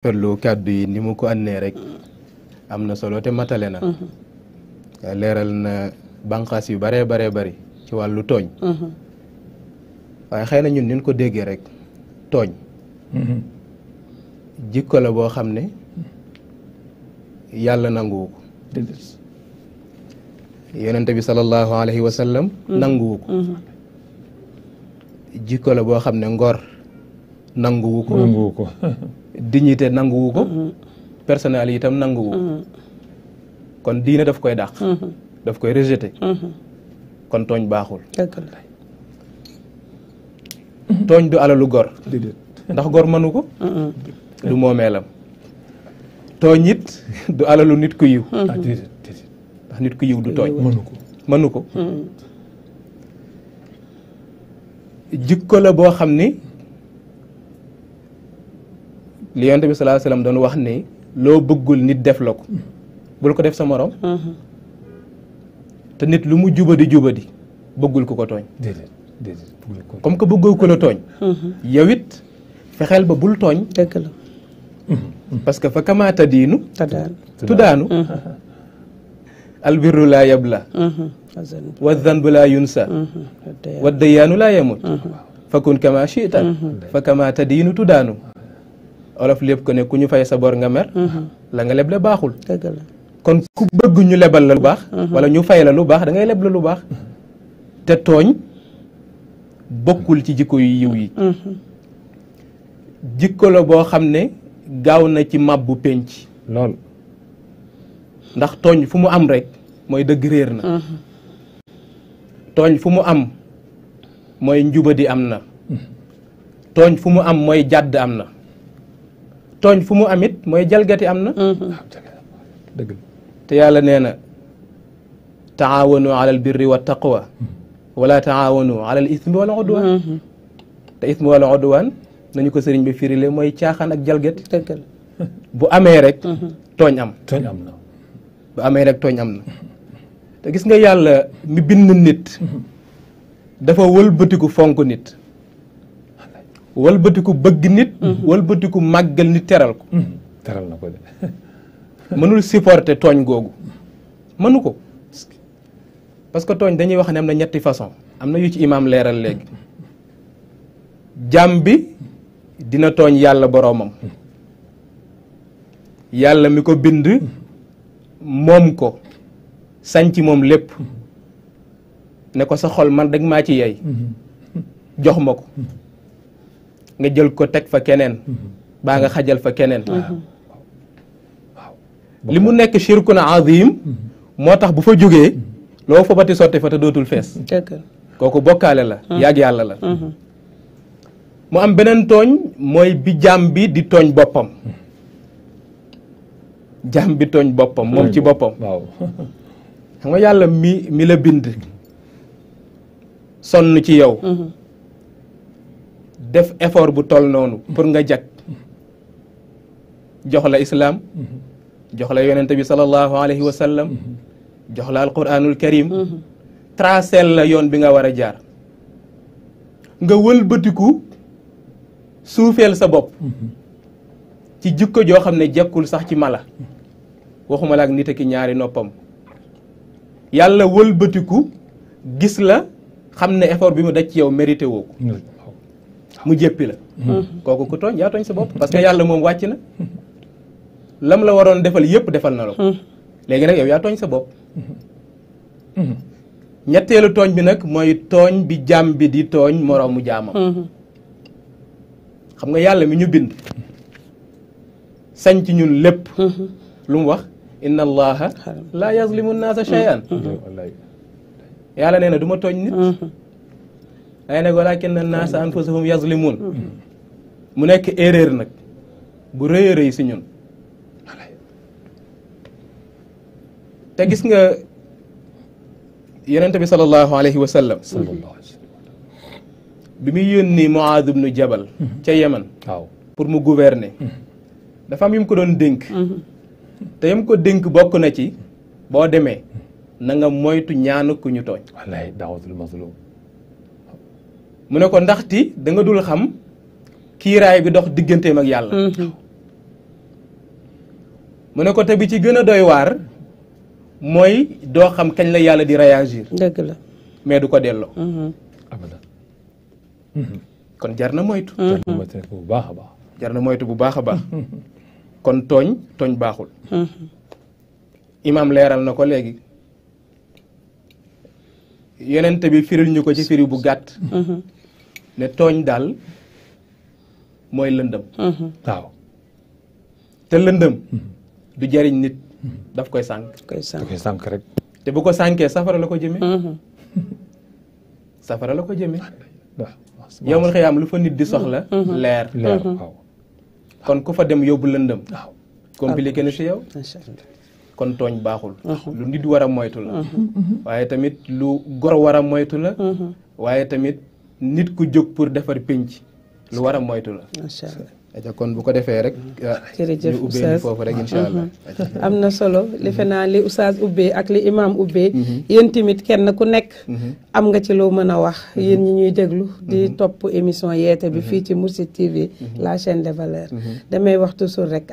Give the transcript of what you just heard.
perlu kàddu yi ni mu ko àndee rek mm. am na solo te matale na mm-hmm. leeral na banqaas yu baree bare bari ci wàllu tooñ mm-hmm. waaye xëy na ñun niñ ko déggee rek tooñ mm-hmm. jikko la boo xam ne yàlla nanguwu ko yonente bi sallallahu alayhi wa nanguwu ko jikko la boo xam ne ngor nanguwu ko nanguwu ko dignité nanguwu ko mhm. personnalité itam nanguwu mhm. kon diine daf koy dàq mhm. daf koy rejeté kon tooñ baaxul tooñ du alalu gor ndax gor mënu ko du moomeelam tooñ it du alalu nit ku yiw ah, ndax nit ku yiw du tooñ mënu ko mënu ko jikko boo xam ni li yonent bi sallallahu doon wax ne loo bëggul nit def la ko bul ko def sa morom te nit lu mu jubadi jubadi bëggul ku ko tooñ comme que bëggul ku la tooñ yow fexeel ba bul tooñ dëgg parce que fa kama tadiinu tudaanu albirru laa yabla wa zanbu laa yunsa wa dayaanu laa yamut fakun kama shiita fa kama tadiinu tudaanu olof lépp ko ne ku ñu fay sa bor nga mer mhm. la nga leble baaxul kon ku bëgg ñu lebal la lu baax mhm. wala ñu fay la lu baax dangay leb la lu baax te tooñ bokkul ci jikko yu yiw yi mhm. jikko la boo xam ne gaaw na ci màbbu penc lool ndax tooñ fu mu am rek mooy dëgg réer na tooñ fu mu am mooy njubadi am na tooñ fu mu am mooy jàdd am na tooñ fu mu amit mooy jalgati am na mhm. te yàlla nee na taawanu alal birri wa taqwa wala taawanu alal ismi wala odwaan mhm. te ismi wala odwaan nañu ko sëriñ bi firile mooy caaxaan ak jalgati bu amee rek mhm. tooñ am na bu amee rek tooñ am na te gis nga yàlla mi bind nit dafa wëlbatiku fonk nit walbatiku bëgg nit mhm. walbatiku màggal nit teral ko mhm. teral mënul supporter tooñ googu mënu ko parce que tooñ dañuy wax ne am na ñetti façon am na yu ci imaam leeral léegi jaam bi dina tooñ yàlla boroomam yàlla mi ko bind moom ko sañ ci moom lépp mhm. ne ko sa xol man dagg maa ci yey jox ma ko nga jël ko teg fa keneen mhm. baa nga xajal fa keneen mhm. li mu nekk shirkun azim mhm. moo tax bu fa jógee loo fa bati sotti fa te dootul fees kooku bokkaale la yàgg yàlla la mu am beneen tooñ mooy bi jaam bi di tooñ boppam jaam bi tooñ boppam moom ci boppam waaw yàlla mi mi la bind sonn ci yow def effort bu toll noonu pour nga jag jox la islaam jox la yonente bi sallallahu alayhi wa jox la alquranul karim tracel la yoon bi nga war a jaar nga wëlbatiku suufeel sa bopp ci jikko joo xam ne jekkul sax ci mala waxuma la ak nit ki ñaari noppam yàlla wëlbatiku gis la xam ne effort bi mu daj ci yow mérité mu jéppi la kooku ku tooñ yaa tooñ sa bopp parce que yàlla moom wàcc na lam la waroon defal yëpp defal na la ko léegi nag yow yaa tooñ sa bopp ñetteelu tooñ bi nag mooy tooñ bi jaam bi di tooñ moroomu jaamam xam nga yàlla mi ñu bind sañ ci ñun lépp lu mu wax inna laa yazlimu nnaasa shay'an yàlla nee na du ma tooñ nit waaye nag walaakinna naasa anfusahum yazlimuun mu nekk erreur nag bu rëy a rëy si ñun te gis nga yonent bi sallallahu alayhi wa sallam bi muy yónni Muaad ibnu Jabal ca Yemen waaw pour mu gouverner dafa am yu mu ko doon dénk te yam ko dénk bokk na ci boo demee na nga moytu ñaanu ku ñu tooñ wallaay mu ne ko ndaxti da nga dul xam kiiraay bi dox digganteem ak yàlla mm-hmm. mu ne ko te bi ci gën a doy waar mooy doo xam kañ la yàlla di réagir dëgg la mais du ko delloo mm-hmm. Mm-hmm. kon jar na moytu bu baax a baax jar na moytu bu baax a baax kon tooñ tooñ baaxul imaam leeral na ko léegi yonent bi firil ñu ko ci firi bu gàtt ne tooñ daal mooy lëndëm mhm. waaw te lëndëm du jariñ nit mhm. daf koy sànq koy sànq rek te bu ko sànkee safara la ko jëmee mhm. safara la ko jëmee waaw yow lu fa nit di soxla leer kon ku fa dem yóbbu lëndëm waaw compliqué na si yow kon tooñ baaxul lu nit war a moytu la waaye tamit lu gor war moytu la waaye tamit nit ku jóg pour defar pénc lu war a moytu la. macha allah kon bu ko defee rek. Mm. Ah, jërëjëf ñu ubbee foofu rek incha mm-hmm. allah. am na solo mm-hmm. defe naa li oustaz ubbee ak li imaam ubbee. Mm-hmm. yéen kenn ku nekk. am nga ci loo mën a wax. yéen ñi ñuy déglu. di topp émission yeete bi fii ci Mourchid TV. la chaîne de valeurs. damay wax toujours rek